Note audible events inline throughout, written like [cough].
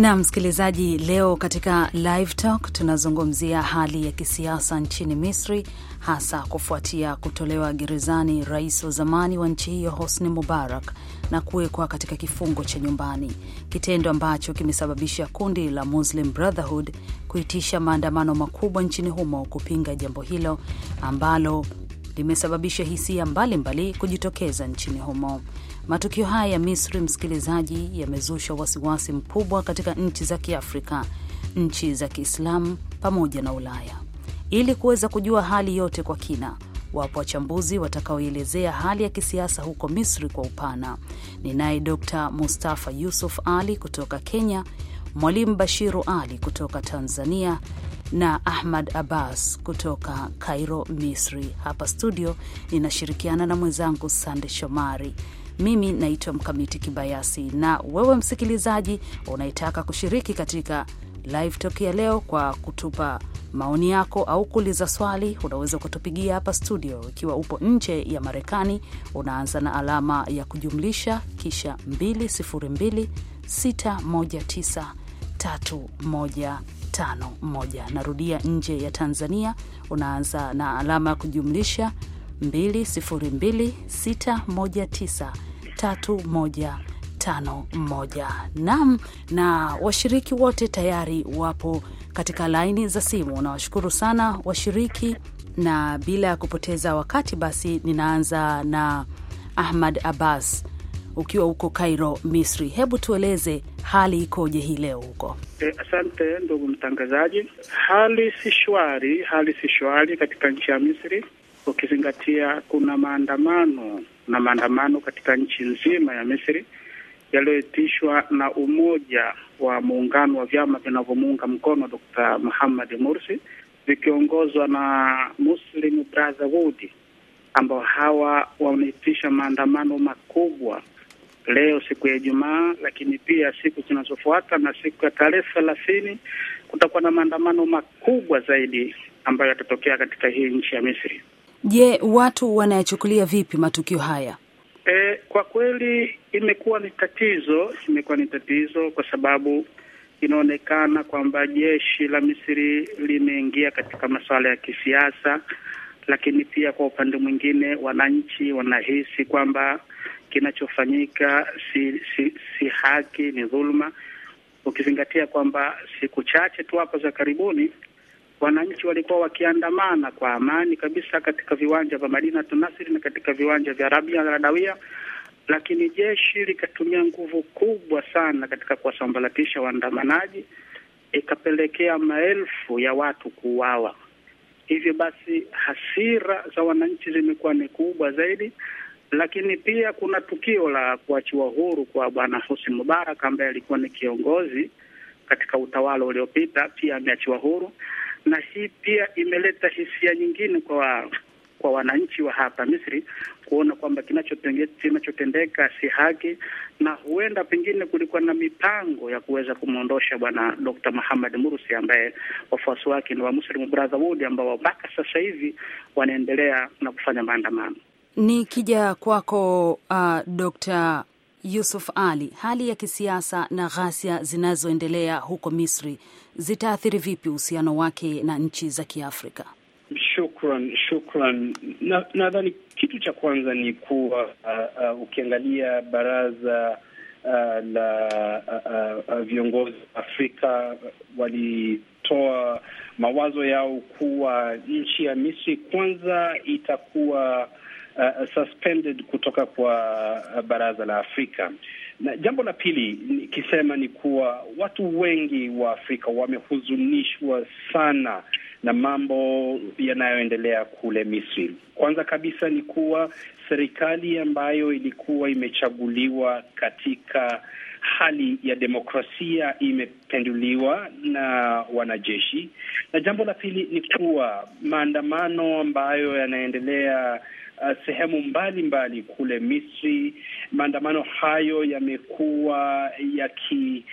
Na msikilizaji, leo katika Live Talk tunazungumzia hali ya kisiasa nchini Misri, hasa kufuatia kutolewa gerezani rais wa zamani wa nchi hiyo Hosni Mubarak na kuwekwa katika kifungo cha nyumbani, kitendo ambacho kimesababisha kundi la Muslim Brotherhood kuitisha maandamano makubwa nchini humo kupinga jambo hilo ambalo limesababisha hisia mbalimbali kujitokeza nchini humo. Matukio haya ya Misri, msikilizaji, yamezusha wasiwasi mkubwa katika nchi za Kiafrika, nchi za Kiislamu pamoja na Ulaya. Ili kuweza kujua hali yote kwa kina, wapo wachambuzi watakaoelezea hali ya kisiasa huko Misri kwa upana. Ninaye Dr Mustafa Yusuf Ali kutoka Kenya, Mwalimu Bashiru Ali kutoka Tanzania na Ahmad Abbas kutoka Cairo, Misri. Hapa studio ninashirikiana na mwenzangu Sande Shomari. Mimi naitwa Mkamiti Kibayasi, na wewe msikilizaji unayetaka kushiriki katika live talk ya leo kwa kutupa maoni yako au kuuliza swali, unaweza kutupigia hapa studio. Ikiwa upo nje ya Marekani, unaanza na alama ya kujumlisha kisha 2026193151. Narudia, nje ya Tanzania unaanza na alama ya kujumlisha 202619 3151. nam na washiriki wote tayari wapo katika laini za simu. Nawashukuru sana washiriki, na bila ya kupoteza wakati, basi ninaanza na Ahmad Abbas ukiwa huko Cairo, Misri, hebu tueleze hali ikoje hii leo huko? E, asante ndugu mtangazaji. Hali si shwari, hali si shwari katika nchi ya Misri, ukizingatia kuna maandamano na maandamano katika nchi nzima ya Misri yaliyoitishwa na umoja wa muungano wa vyama vinavyomuunga mkono Dr. Muhammad Mursi vikiongozwa na Muslim Brotherhood, ambao hawa wameitisha maandamano makubwa leo siku ya Ijumaa, lakini pia siku zinazofuata na siku ya tarehe thelathini kutakuwa na maandamano makubwa zaidi ambayo yatatokea katika hii nchi ya Misri. Je, watu wanayachukulia vipi matukio haya? E, kwa kweli imekuwa ni tatizo, imekuwa ni tatizo kwa sababu inaonekana kwamba jeshi la Misri limeingia katika masuala ya kisiasa, lakini pia kwa upande mwingine wananchi wanahisi kwamba kinachofanyika si, si, si haki, ni dhuluma, ukizingatia kwamba siku chache tu hapa za karibuni wananchi walikuwa wakiandamana kwa amani kabisa katika viwanja vya Madina Tunasiri na katika viwanja vya Rabia Radawia, lakini jeshi likatumia nguvu kubwa sana katika kuwasambaratisha waandamanaji, ikapelekea maelfu ya watu kuuawa. Hivyo basi hasira za wananchi zimekuwa ni kubwa zaidi, lakini pia kuna tukio la kuachiwa huru kwa Bwana Hosni Mubarak ambaye alikuwa ni kiongozi katika utawala uliopita, pia ameachiwa huru na hii pia imeleta hisia nyingine kwa kwa wananchi wa hapa Misri kuona kwamba kinachotendeka si haki, na huenda pengine kulikuwa na mipango ya kuweza kumwondosha bwana Dr. Muhammad Mursi ambaye wafuasi wake ni wa Muslim Brotherhood ambao mpaka sasa hivi wanaendelea na kufanya maandamano. Nikija kwako uh, Dr. Yusuf Ali, hali ya kisiasa na ghasia zinazoendelea huko Misri zitaathiri vipi uhusiano wake na nchi za Kiafrika? Shukran, shukran. Nadhani na kitu cha kwanza ni kuwa uh, uh, ukiangalia baraza uh, la uh, uh, uh, viongozi wa Afrika walitoa mawazo yao kuwa nchi ya Misri kwanza itakuwa uh, suspended kutoka kwa uh, Baraza la Afrika. Na jambo la pili nikisema ni kuwa watu wengi wa Afrika wamehuzunishwa sana na mambo yanayoendelea kule Misri. Kwanza kabisa ni kuwa serikali ambayo ilikuwa imechaguliwa katika hali ya demokrasia imependuliwa na wanajeshi, na jambo la pili ni kuwa maandamano ambayo yanaendelea uh, sehemu mbalimbali mbali kule Misri. Maandamano hayo yamekuwa yaki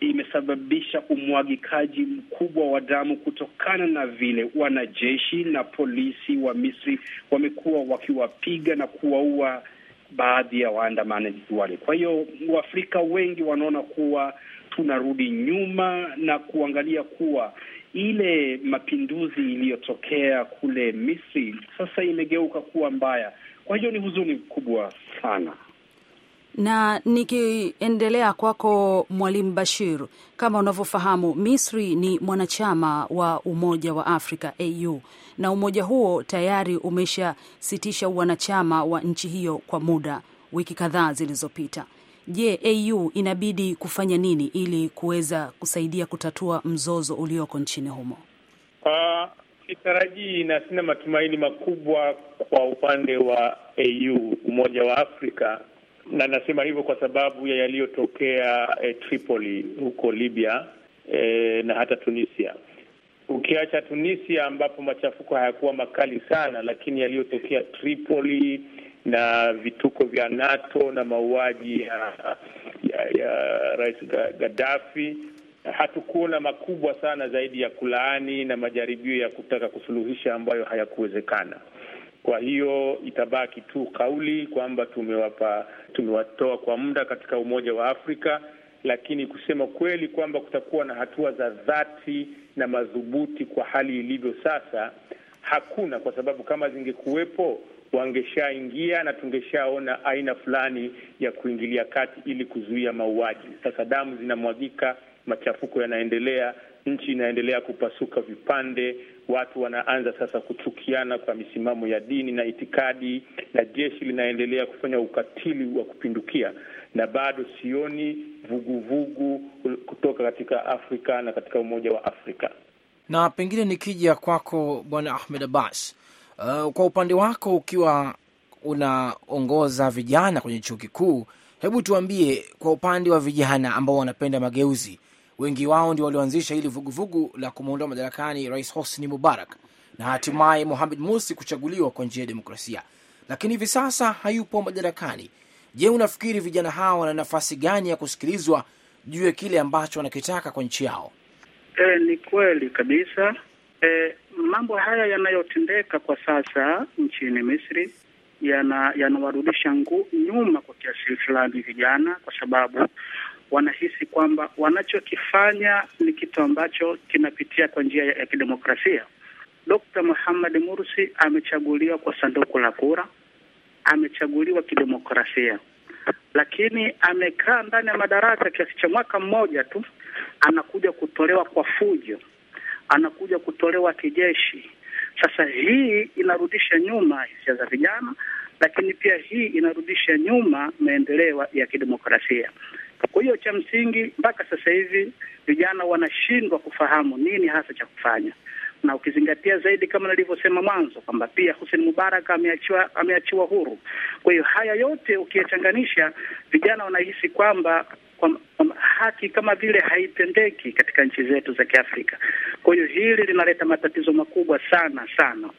imesababisha umwagikaji mkubwa wa damu kutokana na vile wanajeshi na polisi wa Misri wamekuwa wakiwapiga na kuwaua baadhi ya waandamanaji wale. Kwa hiyo Waafrika wengi wanaona kuwa tunarudi nyuma na kuangalia kuwa ile mapinduzi iliyotokea kule Misri sasa imegeuka kuwa mbaya. Kwa hiyo ni huzuni kubwa sana. Na nikiendelea kwako, Mwalimu Bashir, kama unavyofahamu, Misri ni mwanachama wa Umoja wa Afrika AU, na umoja huo tayari umeshasitisha uwanachama wa nchi hiyo kwa muda wiki kadhaa zilizopita. Je, AU inabidi kufanya nini ili kuweza kusaidia kutatua mzozo ulioko nchini humo? Uh, ah, sitarajii na sina matumaini makubwa kwa upande wa AU, Umoja wa Afrika, na nasema hivyo kwa sababu ya yaliyotokea eh, Tripoli huko Libya eh, na hata Tunisia ukiacha Tunisia ambapo machafuko hayakuwa makali sana, lakini yaliyotokea Tripoli na vituko vya NATO na mauaji ya, ya, ya Rais Gaddafi hatukuona makubwa sana zaidi ya kulaani na majaribio ya kutaka kusuluhisha ambayo hayakuwezekana. Kwa hiyo itabaki tu kauli kwamba tumewapa, tumewatoa kwa muda katika Umoja wa Afrika, lakini kusema kweli kwamba kutakuwa na hatua za dhati na madhubuti kwa hali ilivyo sasa hakuna, kwa sababu kama zingekuwepo wangeshaingia na tungeshaona aina fulani ya kuingilia kati ili kuzuia mauaji. Sasa damu zinamwagika, machafuko yanaendelea, nchi inaendelea kupasuka vipande, watu wanaanza sasa kuchukiana kwa misimamo ya dini na itikadi, na jeshi linaendelea kufanya ukatili wa kupindukia, na bado sioni vuguvugu vugu kutoka katika Afrika na katika Umoja wa Afrika. Na pengine nikija kwako Bwana Ahmed Abbas, Uh, kwa upande wako ukiwa unaongoza vijana kwenye chuo kikuu, hebu tuambie kwa upande wa vijana ambao wanapenda mageuzi, wengi wao ndio walioanzisha hili vuguvugu la kumuondoa madarakani Rais Hosni Mubarak na hatimaye Mohamed Mursi kuchaguliwa kwa njia ya demokrasia, lakini hivi sasa hayupo madarakani. Je, unafikiri vijana hawa wana nafasi gani ya kusikilizwa juu ya kile ambacho wanakitaka kwa nchi yao? E, ni kweli kabisa E, mambo haya yanayotendeka kwa sasa nchini Misri yana yanawarudisha nyuma kwa kiasi fulani vijana, kwa sababu wanahisi kwamba wanachokifanya ni kitu ambacho kinapitia kwa njia ya, ya kidemokrasia. Dr. Muhammad Mursi amechaguliwa kwa sanduku la kura, amechaguliwa kidemokrasia, lakini amekaa ndani ya madaraka kiasi cha mwaka mmoja tu, anakuja kutolewa kwa fujo anakuja kutolewa kijeshi. Sasa hii inarudisha nyuma hisia za vijana, lakini pia hii inarudisha nyuma maendeleo ya kidemokrasia. Kwa hiyo cha msingi mpaka sasa hivi vijana wanashindwa kufahamu nini hasa cha kufanya, na ukizingatia zaidi kama nilivyosema mwanzo kwamba pia Hussein Mubarak ameachiwa ameachiwa huru. Kwa hiyo haya yote ukiyachanganisha, vijana wanahisi kwamba kwa haki kama vile haitendeki katika nchi zetu za Kiafrika. Kwa hiyo hili linaleta matatizo makubwa sana sana.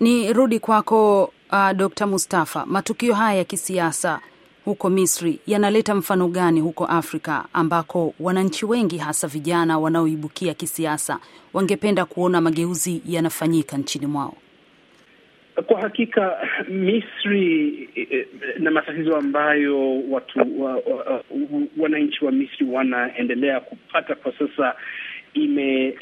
Ni rudi kwako, uh, Dr. Mustafa, matukio haya ya kisiasa huko Misri yanaleta mfano gani huko Afrika ambako wananchi wengi hasa vijana wanaoibukia kisiasa wangependa kuona mageuzi yanafanyika nchini mwao? Kwa hakika Misri eh, eh, na matatizo ambayo watu wa, wa, wananchi wa Misri wanaendelea kupata kwa sasa ime-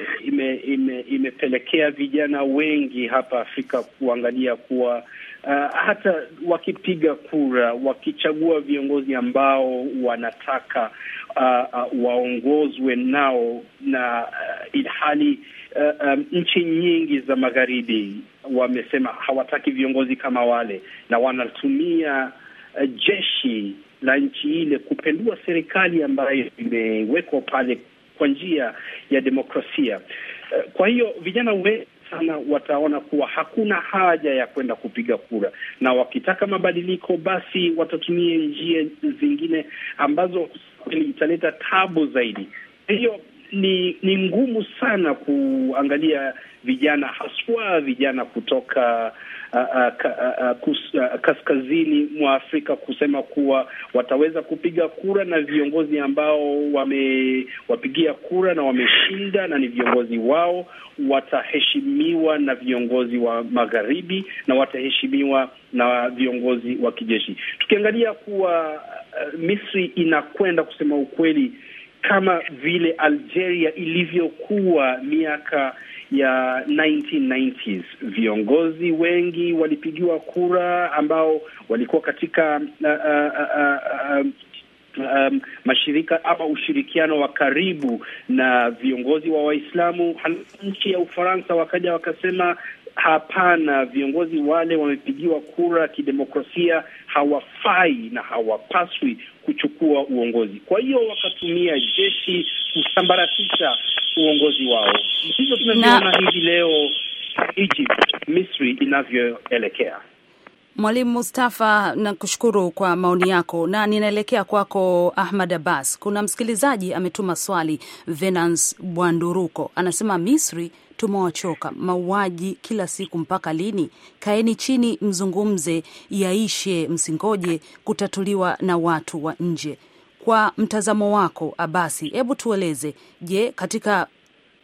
imepelekea ime, ime vijana wengi hapa Afrika kuangalia kuwa uh, hata wakipiga kura, wakichagua viongozi ambao wanataka uh, uh, waongozwe nao na uh, ilhali uh, um, nchi nyingi za magharibi wamesema hawataki viongozi kama wale, na wanatumia uh, jeshi la nchi ile kupendua serikali ambayo imewekwa pale kwa njia ya demokrasia. Uh, kwa hiyo vijana we sana wataona kuwa hakuna haja ya kwenda kupiga kura, na wakitaka mabadiliko basi watatumia njia zingine ambazo italeta tabu zaidi. Kwa hiyo ni ni ngumu sana kuangalia vijana haswa vijana kutoka a, a, a, kus, a, kaskazini mwa Afrika kusema kuwa wataweza kupiga kura na viongozi ambao wamewapigia kura na wameshinda na ni viongozi wao wataheshimiwa na viongozi wa magharibi na wataheshimiwa na viongozi wa kijeshi. Tukiangalia kuwa uh, Misri inakwenda kusema ukweli kama vile Algeria ilivyokuwa miaka ya 1990s. Viongozi wengi walipigiwa kura ambao walikuwa katika uh, uh, uh, uh, Um, mashirika ama ushirikiano wa karibu na viongozi wa Waislamu. Nchi ya Ufaransa wakaja wakasema Hapana, viongozi wale wamepigiwa kura kidemokrasia, hawafai na hawapaswi kuchukua uongozi. Kwa hiyo wakatumia jeshi kusambaratisha uongozi wao. Ndivyo tunavyoona hivi leo Egypt, Misri inavyoelekea. Mwalimu Mustafa, nakushukuru kwa maoni yako, na ninaelekea kwako Ahmad Abbas. Kuna msikilizaji ametuma swali, Venance Bwanduruko anasema Misri tumewachoka mauaji kila siku, mpaka lini? Kaeni chini, mzungumze, yaishe, msingoje kutatuliwa na watu wa nje. Kwa mtazamo wako Abasi, hebu tueleze, je, katika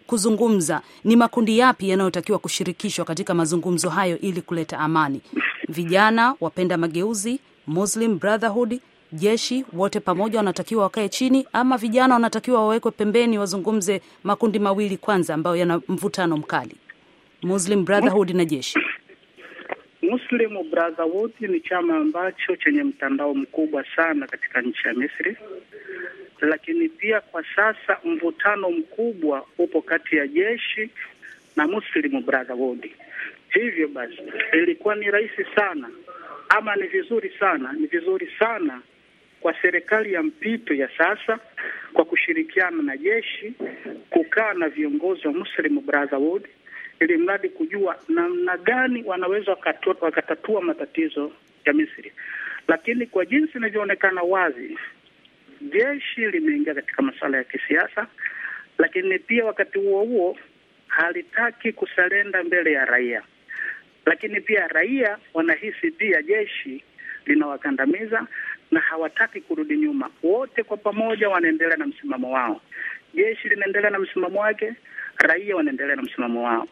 kuzungumza ni makundi yapi yanayotakiwa kushirikishwa katika mazungumzo hayo ili kuleta amani? Vijana wapenda mageuzi, Muslim Brotherhood, jeshi wote pamoja wanatakiwa wakae chini, ama vijana wanatakiwa wawekwe pembeni, wazungumze makundi mawili kwanza ambayo yana mvutano mkali, Muslim Brotherhood na jeshi? Muslim Brotherhood ni chama ambacho chenye mtandao mkubwa sana katika nchi ya Misri, lakini pia kwa sasa mvutano mkubwa upo kati ya jeshi na Muslim Brotherhood. Hivyo basi ilikuwa ni rahisi sana ama ni vizuri sana, ni vizuri sana kwa serikali ya mpito ya sasa kwa kushirikiana na jeshi kukaa na viongozi wa Muslim Brotherhood ili mradi kujua namna gani wanaweza wakatua, wakatatua matatizo ya Misri, lakini kwa jinsi inavyoonekana wazi jeshi limeingia katika masuala ya kisiasa, lakini pia wakati huo huo halitaki kusalenda mbele ya raia, lakini pia raia wanahisi pia jeshi linawakandamiza na hawataki kurudi nyuma. Wote kwa pamoja wanaendelea na msimamo wao, jeshi linaendelea na msimamo wake, raia wanaendelea na msimamo wao.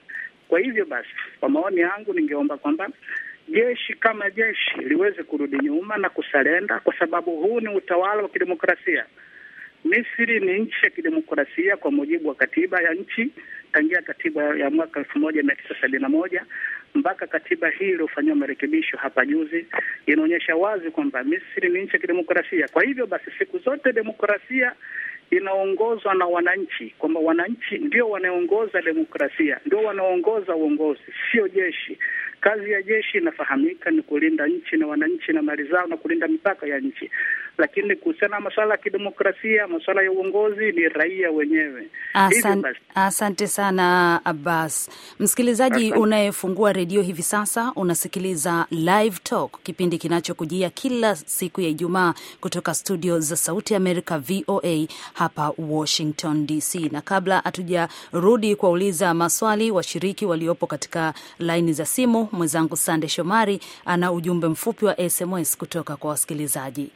Kwa hivyo basi, kwa maoni yangu, ningeomba kwamba jeshi kama jeshi liweze kurudi nyuma na kusalenda, kwa sababu huu ni utawala wa kidemokrasia. Misri ni nchi ya kidemokrasia kwa mujibu wa katiba ya nchi tangia katiba ya mwaka elfu moja mia tisa sabini na moja mpaka katiba hii iliyofanyiwa marekebisho hapa juzi inaonyesha wazi kwamba Misri ni nchi ya kidemokrasia. Kwa hivyo basi, siku zote demokrasia inaongozwa na wananchi, kwamba wananchi ndio wanaongoza demokrasia, ndio wanaongoza uongozi, sio jeshi. Kazi ya jeshi inafahamika ni kulinda nchi na wananchi na mali zao na kulinda mipaka ya nchi, lakini kuhusiana na masuala ya kidemokrasia, masuala ya uongozi ni raia wenyewe. Asante, asante sana Abbas. Msikilizaji unayefungua redio hivi sasa, unasikiliza Live Talk, kipindi kinachokujia kila siku ya Ijumaa kutoka studio za Sauti ya Amerika, VOA hapa Washington DC. Na kabla hatujarudi kuwauliza maswali washiriki waliopo katika laini za simu, mwenzangu Sande Shomari ana ujumbe mfupi wa SMS kutoka kwa wasikilizaji.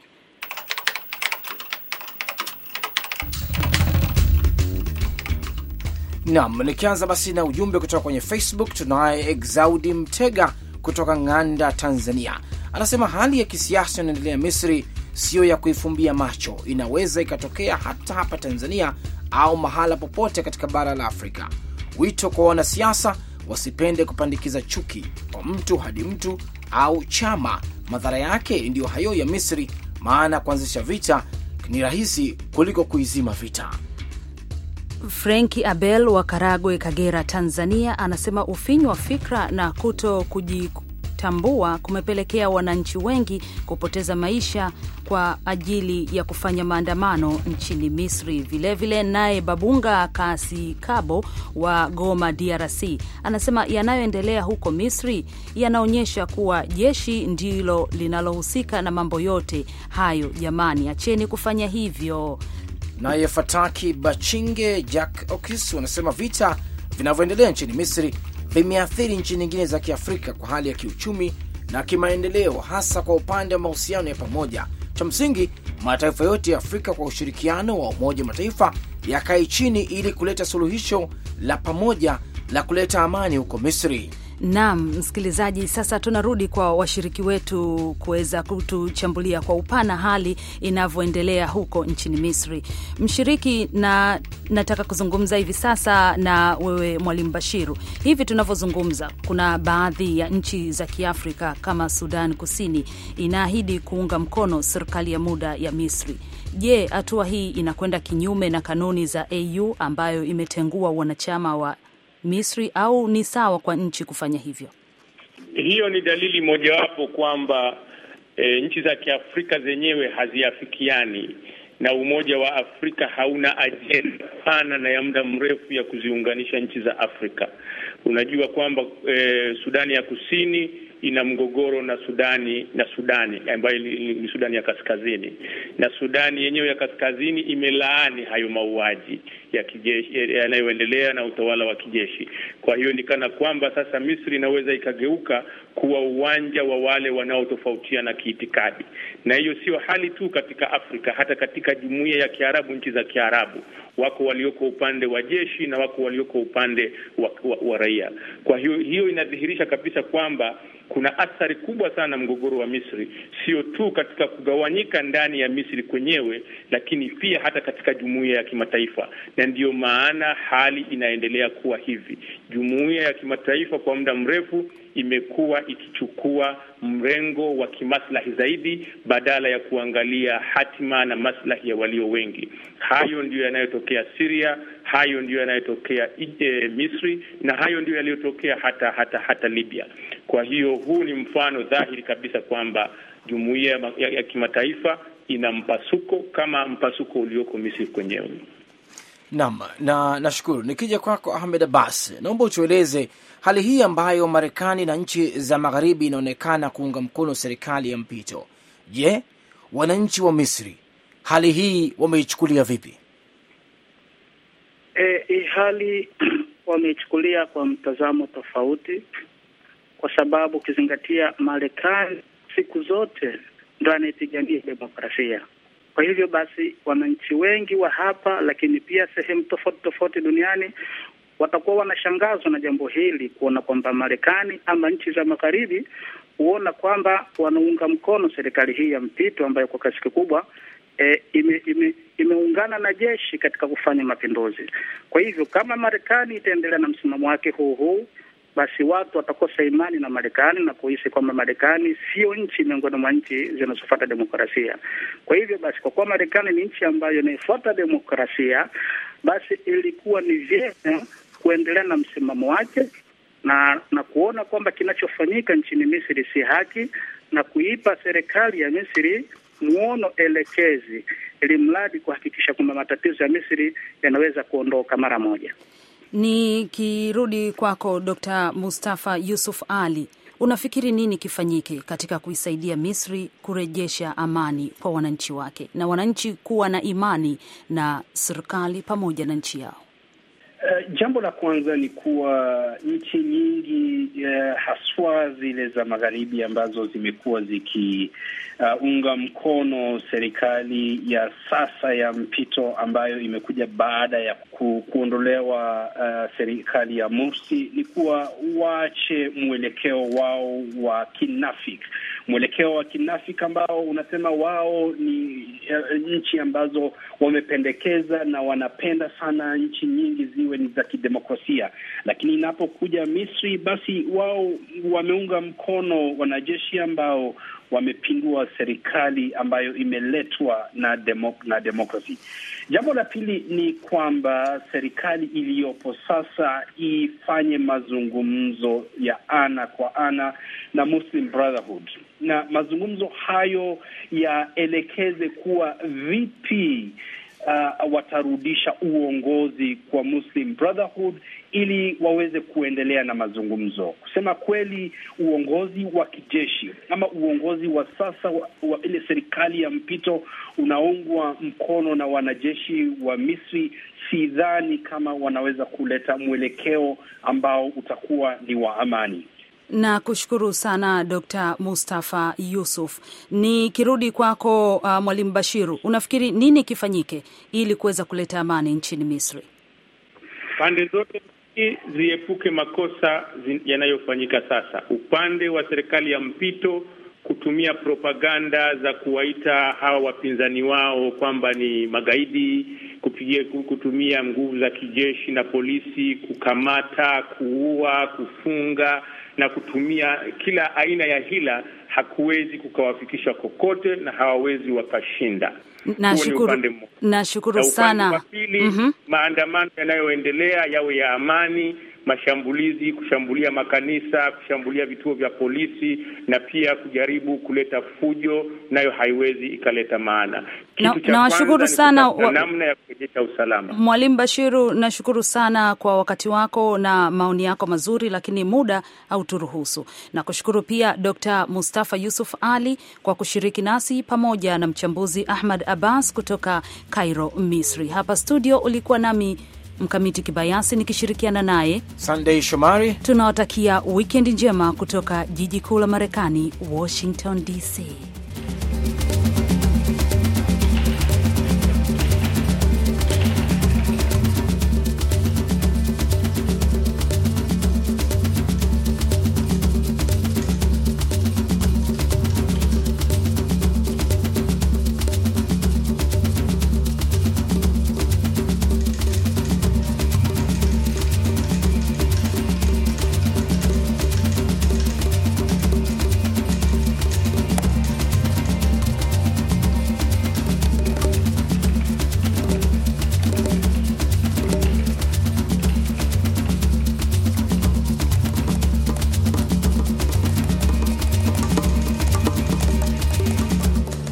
Nam, nikianza basi na ujumbe kutoka kwenye Facebook, tunaye Exaudi Mtega kutoka Ng'anda, Tanzania, anasema hali ya kisiasa inaendelea Misri siyo ya kuifumbia macho, inaweza ikatokea hata hapa Tanzania au mahala popote katika bara la Afrika. Wito kwa wanasiasa wasipende kupandikiza chuki kwa mtu hadi mtu au chama. Madhara yake ndiyo hayo ya Misri, maana kuanzisha vita ni rahisi kuliko kuizima vita. Frenki Abel wa Karagwe, Kagera, Tanzania, anasema ufinyu wa fikra na kuto kuji kutambua kumepelekea wananchi wengi kupoteza maisha kwa ajili ya kufanya maandamano nchini Misri. Vilevile naye Babunga Kasi Kabo wa Goma, DRC, anasema yanayoendelea huko Misri yanaonyesha kuwa jeshi ndilo linalohusika na mambo yote hayo. Jamani, acheni kufanya hivyo. Naye Fataki Bachinge Jack Okis wanasema vita vinavyoendelea nchini Misri limeathiri nchi nyingine za Kiafrika kwa hali ya kiuchumi na kimaendeleo, hasa kwa upande wa mahusiano ya pamoja. Cha msingi, mataifa yote ya Afrika kwa ushirikiano wa Umoja wa Mataifa yakae chini ili kuleta suluhisho la pamoja la kuleta amani huko Misri. Naam, msikilizaji, sasa tunarudi kwa washiriki wetu kuweza kutuchambulia kwa upana hali inavyoendelea huko nchini Misri. Mshiriki na nataka kuzungumza hivi sasa na wewe Mwalimu Bashiru. Hivi tunavyozungumza, kuna baadhi ya nchi za Kiafrika kama Sudan Kusini inaahidi kuunga mkono serikali ya muda ya Misri. Je, hatua hii inakwenda kinyume na kanuni za AU ambayo imetengua wanachama wa Misri au ni sawa kwa nchi kufanya hivyo? Hiyo ni dalili mojawapo kwamba e, nchi za Kiafrika zenyewe haziafikiani na Umoja wa Afrika hauna ajenda pana na ya muda mrefu ya kuziunganisha nchi za Afrika. Unajua kwamba e, Sudani ya Kusini ina mgogoro na Sudani na Sudani ambayo ni Sudani ya Kaskazini, na Sudani yenyewe ya Kaskazini imelaani hayo mauaji ya kijeshi yanayoendelea na utawala wa kijeshi. Kwa hiyo kana kwamba sasa Misri inaweza ikageuka kuwa uwanja wa wale wanaotofautiana kiitikadi, na hiyo sio hali tu katika Afrika, hata katika jumuiya ya Kiarabu, nchi za Kiarabu wako walioko upande wa jeshi na wako walioko upande wa, wa, wa raia. Kwa hiyo hiyo inadhihirisha kabisa kwamba kuna athari kubwa sana mgogoro wa Misri, sio tu katika kugawanyika ndani ya Misri kwenyewe, lakini pia hata katika jumuiya ya kimataifa, na ndiyo maana hali inaendelea kuwa hivi jumuiya ya kimataifa kwa muda mrefu imekuwa ikichukua mrengo wa kimaslahi zaidi badala ya kuangalia hatima na maslahi ya walio wengi. Hayo ndiyo yanayotokea Syria, hayo ndiyo yanayotokea e, Misri na hayo ndiyo yaliyotokea hata hata hata Libya. Kwa hiyo huu ni mfano dhahiri kabisa kwamba jumuiya ya, ya, ya kimataifa ina mpasuko kama mpasuko ulioko Misri kwenyewe. Naam, na nashukuru. Nikija kwako Ahmed Abbas, naomba utueleze hali hii ambayo Marekani na nchi za magharibi inaonekana kuunga mkono serikali ya mpito. Je, wananchi wa Misri hali hii wameichukulia vipi? E, hii hali [clears throat] wameichukulia kwa mtazamo tofauti, kwa sababu ukizingatia Marekani siku zote ndo anaipigania demokrasia kwa hivyo basi, wananchi wengi wa hapa, lakini pia sehemu tofauti tofauti duniani watakuwa wanashangazwa na jambo hili, kuona kwamba Marekani ama nchi za magharibi huona kwamba wanaunga mkono serikali hii ya mpito ambayo kwa kiasi kikubwa E, ime, ime, imeungana na jeshi katika kufanya mapinduzi. Kwa hivyo kama Marekani itaendelea na msimamo wake huu huu, basi watu watakosa imani na Marekani na kuhisi kwamba Marekani sio nchi miongoni mwa nchi zinazofuata demokrasia. Kwa hivyo basi, kwa kuwa Marekani ni nchi ambayo inaifuata demokrasia, basi ilikuwa ni vyema kuendelea na msimamo wake na na kuona kwamba kinachofanyika nchini Misri si haki na kuipa serikali ya Misri muono elekezi, ili mradi kuhakikisha kwamba matatizo ya Misri yanaweza kuondoka mara moja. Nikirudi kwako Dr. Mustafa Yusuf Ali, unafikiri nini kifanyike katika kuisaidia Misri kurejesha amani kwa wananchi wake na wananchi kuwa na imani na serikali pamoja na nchi yao? Jambo la kwanza ni kuwa nchi nyingi uh, haswa zile za magharibi ambazo zimekuwa zikiunga uh, mkono serikali ya sasa ya mpito ambayo imekuja baada ya ku, kuondolewa uh, serikali ya Mursi ni kuwa waache mwelekeo wao wa kinafik mwelekeo wa kinafik ambao unasema wao ni uh, nchi ambazo wamependekeza na wanapenda sana nchi nyingi ziwe ni za kidemokrasia. Lakini inapokuja Misri, basi wao wameunga mkono wanajeshi ambao wamepindua serikali ambayo imeletwa na demo, na demokrasi. Jambo la pili ni kwamba serikali iliyopo sasa ifanye mazungumzo ya ana kwa ana na Muslim Brotherhood, na mazungumzo hayo yaelekeze kuwa vipi uh, watarudisha uongozi kwa Muslim Brotherhood ili waweze kuendelea na mazungumzo. Kusema kweli, uongozi wa kijeshi ama uongozi wa sasa wa, wa ile serikali ya mpito unaungwa mkono na wanajeshi wa Misri, sidhani kama wanaweza kuleta mwelekeo ambao utakuwa ni wa amani. Na kushukuru sana Dr. Mustafa Yusuf. Nikirudi kwako, uh, Mwalimu Bashiru, unafikiri nini kifanyike ili kuweza kuleta amani nchini Misri? Pande zote ziepuke makosa yanayofanyika sasa. Upande wa serikali ya mpito kutumia propaganda za kuwaita hawa wapinzani wao kwamba ni magaidi, kupigia, kutumia nguvu za kijeshi na polisi kukamata, kuua, kufunga na kutumia kila aina ya hila hakuwezi kukawafikisha kokote na hawawezi wakashinda. Nashukuru, nashukuru sana. pili, mm -hmm. maandamano yanayoendelea yawe ya amani mashambulizi, kushambulia makanisa, kushambulia vituo vya polisi na pia kujaribu kuleta fujo, nayo haiwezi ikaleta maana. Nawashukuru na sana wa... namna ya kurejesha usalama. Mwalimu Bashiru, nashukuru sana kwa wakati wako na maoni yako mazuri, lakini muda hauturuhusu. Nakushukuru pia Dr. Mustafa Yusuf Ali kwa kushiriki nasi pamoja na mchambuzi Ahmad Abbas kutoka Cairo, Misri. Hapa studio ulikuwa nami Mkamiti Kibayasi nikishirikiana naye Sunday Shomari. Tunawatakia wikendi njema kutoka jiji kuu la Marekani, Washington DC.